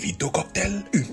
vite cocktail.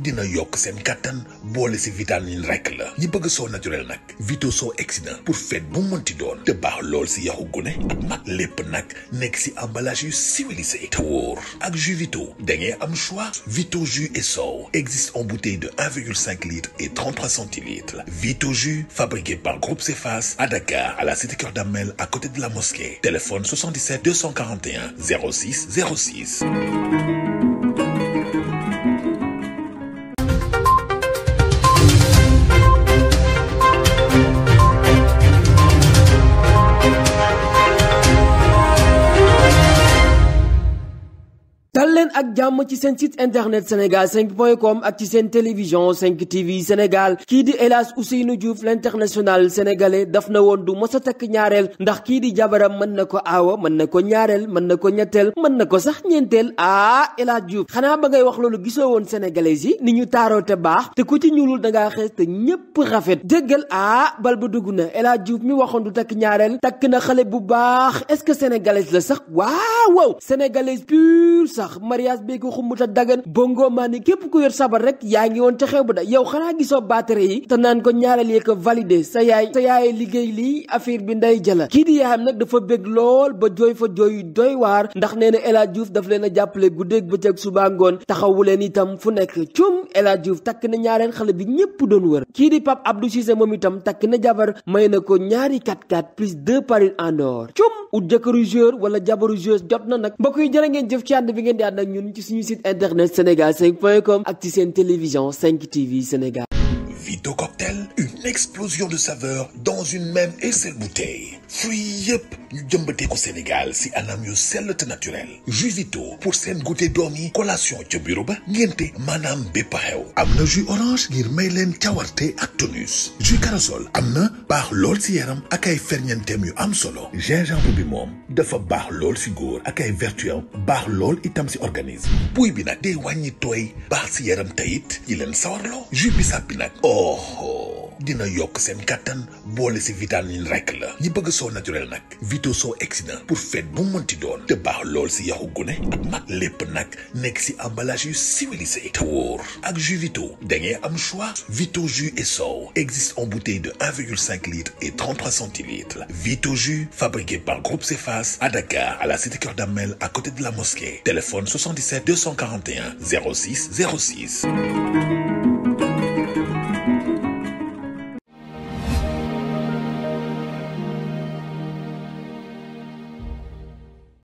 dina yok sen katan boole ci vitamine rek la ñi bëgg so naturel nak vito so pour fête bu mënti doon te baax lool si yaxu gune ak nak lépp emballage civilisé tour ak jus vito da am choix vito jus et so existe en bouteille de 1,5 litre et 33 centilitres vito jus fabriqué par Groupe Cefas à Dakar à la cité cœur Damel à côté de la mosquée téléphone 77 241 06 06 ak jàmm ci seen site internet sénégal 5 point com ak ci seen télévision 5 tv sénégal kii di El Hadj Diouf l'international sénégalais daf na woon du mos a takk ñaareel ndax kii di jabaram mën na ko aawa mën na ko ñaareel mën na ko ñetteel mën na ko sax ñeenteel ah El Diouf xanaa ba ngay wax loolu gisoo sénégalais yi ni ñu te baax te ku ci ñulul da ngaa xees te ñépp rafet déggal ah bal ba dugg na Diouf mi waxoon du takk ñaareel takk na xale bu baax est-ce que sénégalais la sax waaw waaw sénégalais pur sax ko xum xumuta dagan bongo mani kep ku yor sabar rek yaangi won ta ca xew ba da yow xana giso batterie yi te nan ko ñaaral yee ko validé sa yaay sa yaay liggey li affaire bi nday jala ki di yaam nak dafa bég lol ba joy fa joy doy war ndax neena na Diouf daf leen a jàppale guddeeg bëccëg suba itam fu nek cum El Diouf tak na ñaaren xale bi ñepp doon wër ki di pap Abdou Cissé mom itam tak na jabar may na ko ñaari 4-4 plus 2 paris en or cum ou jëkkëru joueur wala jabaru joueur jot na nak mbokk jere ngeen jëf ci and bi ngeen di ak ñun ci suñu site internet senegal 5com ak ci télévision 5 TV Sénégal. Vito Cocktail une explosion de saveurs dans une même et seule bouteille fruits yi yëpp ñu ko Sénégal si anam yu sell naturel jus pour seen goûter dormi collation au bureau ba manam maanaam bépp jus orange ngir may leen cawarte ak tonus jus corossol amna, na baax lool si yaram ak ay mieux am solo gingembre bi Mom, dafa baax lool si góor ak ay vertus baax lool itam si organisme buy bi de day toy bar baax si yaram tayit yi leen jus bissap bi oh, oh dina yok sen kattan boole ci vitamine rek la ñi bëgg so naturel nak Vito soo exsident pour fête bu monti doon te baax lool si yaxu gune ak mag lépp nag nekk si emballage yu civilisé te wóor ak jus Vito da ngeen am choix Vito jus et so existe en bouteille de 1,5 litre et 33 centilitres Vito jus fabriqué par Groupe Cefas à Dakar à la cité Keur Damel à côté de la mosquée téléphone 77 241 06 06